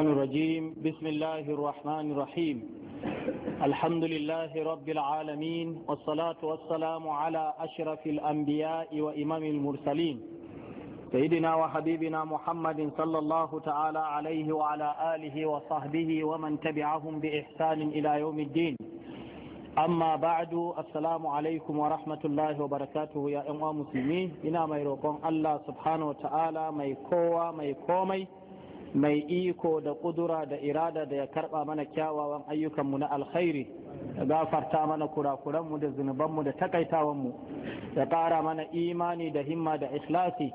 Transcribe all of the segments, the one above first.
الرحمن الرجيم بسم الله الرحمن الرحيم الحمد لله رب العالمين والصلاة والسلام على أشرف الأنبياء وإمام المرسلين سيدنا وحبيبنا محمد صلى الله تعالى عليه وعلى آله وصحبه ومن تبعهم بإحسان إلى يوم الدين أما بعد السلام عليكم ورحمة الله وبركاته يا أمام مسلمين إنا ما يروقون الله سبحانه وتعالى ما يكوى ما يكومي mai iko da kudura da irada da ya karba mana kyawawan ayyukanmu na alkhairi ya gafarta mana kurakuranmu da zunubanmu da takaitawanmu ya kara mana imani da himma da ikhlasi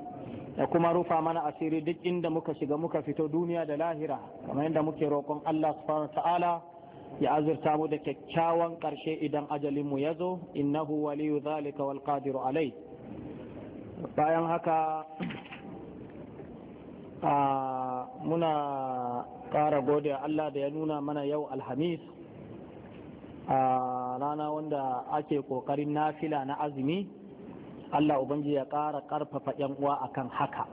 ya kuma rufa mana asiri duk inda muka shiga muka fito duniya da lahira kamar yadda muke roƙon Allah subhanahu ta'ala ya azurta mu da kyakkyawan ƙarshe idan ajalinmu ya zo innahu waliyu zalika wal qadiru alai bayan haka muna ƙara gode Allah da ya nuna mana yau alhamis a rana wanda ake ƙoƙarin nafila na azumi Allah ubangi ya ƙara ƙarfafa ‘yan uwa akan haka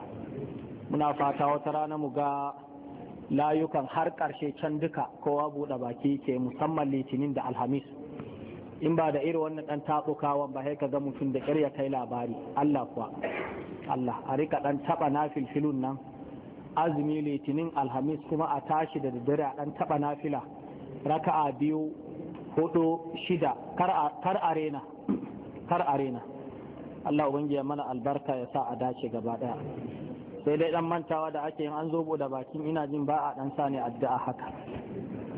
muna fata wata rana mu ga layukan har ƙarshe can duka kowa buɗe baki ke musamman litinin da alhamis in ba da iri wannan ɗan taɓukawan ba haka ga mutum da ƙyar kai labari Allah kuwa Allah a rika ɗan taɓa na filfilun nan azumi litinin alhamis kuma a tashi da daddare a dan taɓa nafila raka'a biyu hudu shida kar arena kar arena Allah ubangi ya mana albarka ya sa a dace gaba daya sai dai dan mantawa da ake yin an zo da bakin ina jin ba a dan sa ne addu'a haka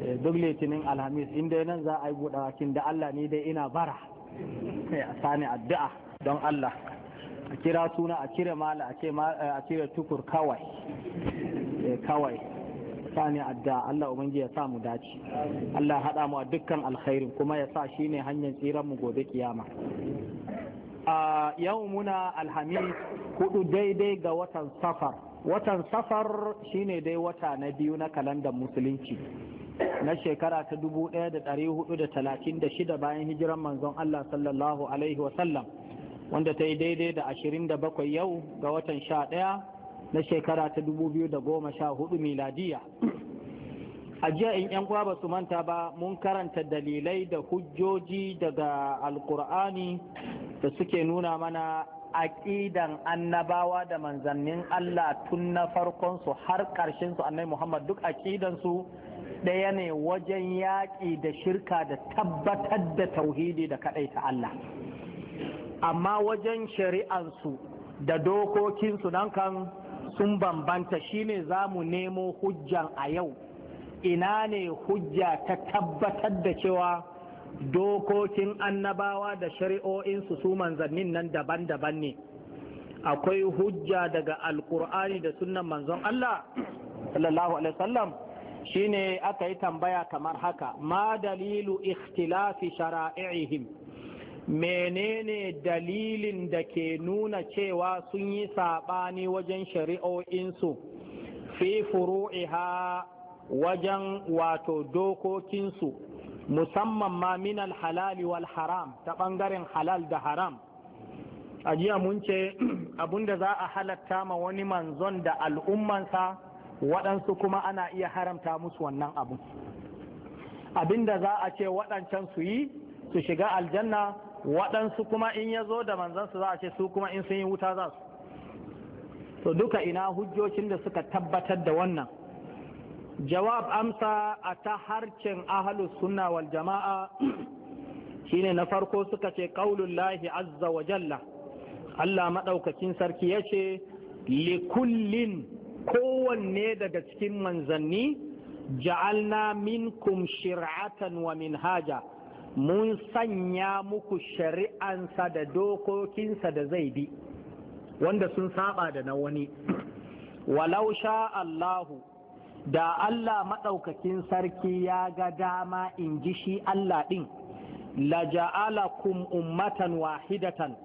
eh, duk litinin alhamis in dai nan za a yi buɗe bakin da Allah ne dai ina bara sai a sa ne addu'a don Allah a kira suna a cire mala a cire tukur kawai eh, kawai sani adda Allah ubangi ya sa mu dace Allah haɗa mu a dukkan alkhairin kuma ya sa shine hanyar tsiran mu gobe kiyama a yau muna alhamis hudu daidai ga watan safar watan safar shine dai wata na biyu na kalandar musulunci na shekara ta 1436 bayan hijiran manzon Allah sallallahu alaihi wasallam wanda ta yi daidai da 27 yau ga watan 11 na shekara ta 2014 miladiya a jiya in yan ba su manta ba mun karanta dalilai da hujjoji daga alkur'ani da suke nuna mana aƙidan annabawa da manzannin Allah tun na farkonsu har ƙarshensu annai Muhammad duk aƙidansu ɗaya ne wajen yaƙi da shirka da tabbatar da tauhidi da ta Allah. amma wajen shari'ansu da dokokinsu nan kan sun bambanta shine za mu nemo hujjan a yau ina ne hujja ta tabbatar da cewa dokokin annabawa da shari'o'insu su manzannin nan daban-daban ne akwai hujja daga alkur'ani da sunan manzon Allah sallallahu alaihi wasallam shine aka yi tambaya kamar haka ma dalilu ikhtilafi shara'ihim menene dalilin da ke nuna cewa sun yi saɓani wajen shari'o'insu fi furu'iha wajen wato dokokinsu musamman ma minal halali wal haram ta ɓangaren halal da haram a jiya mun ce abinda za a halatta ma wani manzon da al'ummansa waɗansu kuma ana iya haramta musu wannan abu abinda za a ce waɗancan su yi su shiga aljanna waɗansu kuma in ya zo da manzansu za a ce su kuma in sun yi wuta za su to duka ina hujjocin da suka tabbatar da wannan jawab amsa a ta harcin ahalus sunna wal jama'a shine na farko suka ce qaulul lahi azza wa jalla Allah maɗaukacin sarki ya ce likullin kowanne daga cikin manzanni ja'alna minkum shir'atan wa minhaja mun sanya muku shari'ansa da dokokinsa da zai bi wanda sun saba da na wani walau sha Allahu da Allah maɗaukakin sarki ya ga dama in ji shi Allah ɗin laja'alakum ummatan wahidatan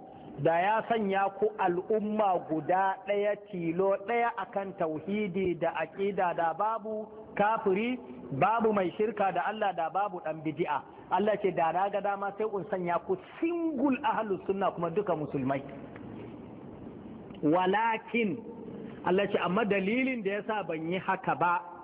da ya sanya ku al'umma guda ɗaya tilo ɗaya akan tauhidi da aƙida da babu kafiri babu mai shirka da Allah da babu ɗan bidi'a Allah ce da na ga dama sai un sanya ku singul ahlu sunna kuma duka musulmai walakin Allah ce amma dalilin da yasa ban yi haka ba